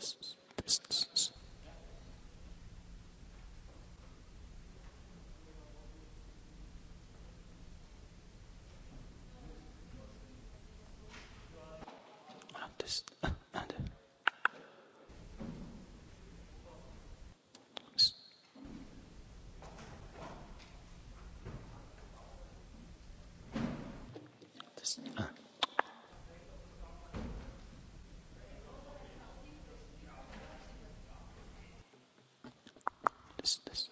purposes. righteousness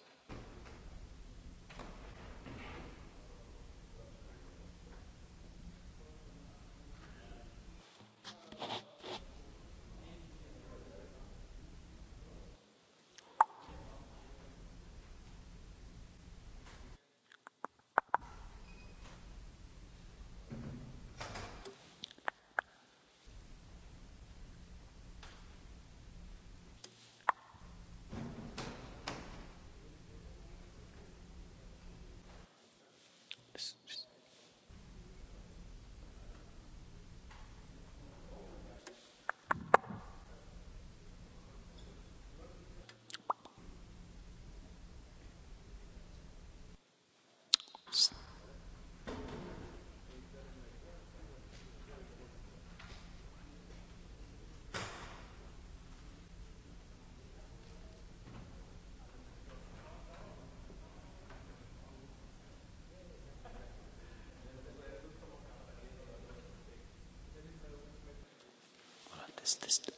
justice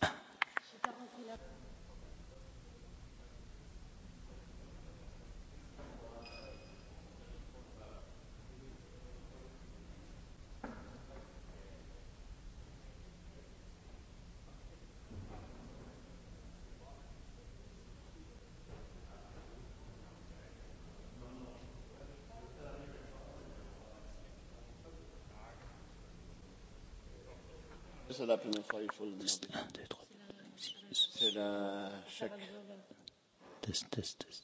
C'est la première fois, il faut le demander. C'est la chèque. Test, test, test.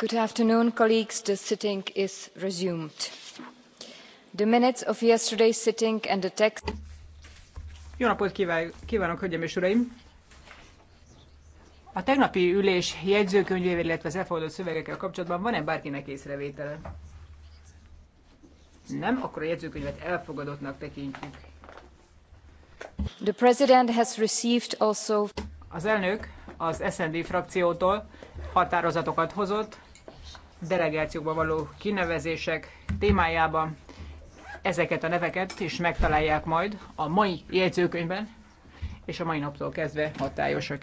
Good afternoon, colleagues. The sitting is resumed. The minutes of yesterday's sitting and the text... Jó napot kívánok, hölgyeim és uraim! A tegnapi ülés jegyzőkönyvével, illetve az elfogadott szövegekkel kapcsolatban van-e bárkinek észrevétele? Nem, akkor a jegyzőkönyvet elfogadottnak tekintjük. The president has received also... Az elnök az SND frakciótól határozatokat hozott, delegációkba való kinevezések témájában. Ezeket a neveket is megtalálják majd a mai jegyzőkönyvben, és a mai naptól kezdve hatályosak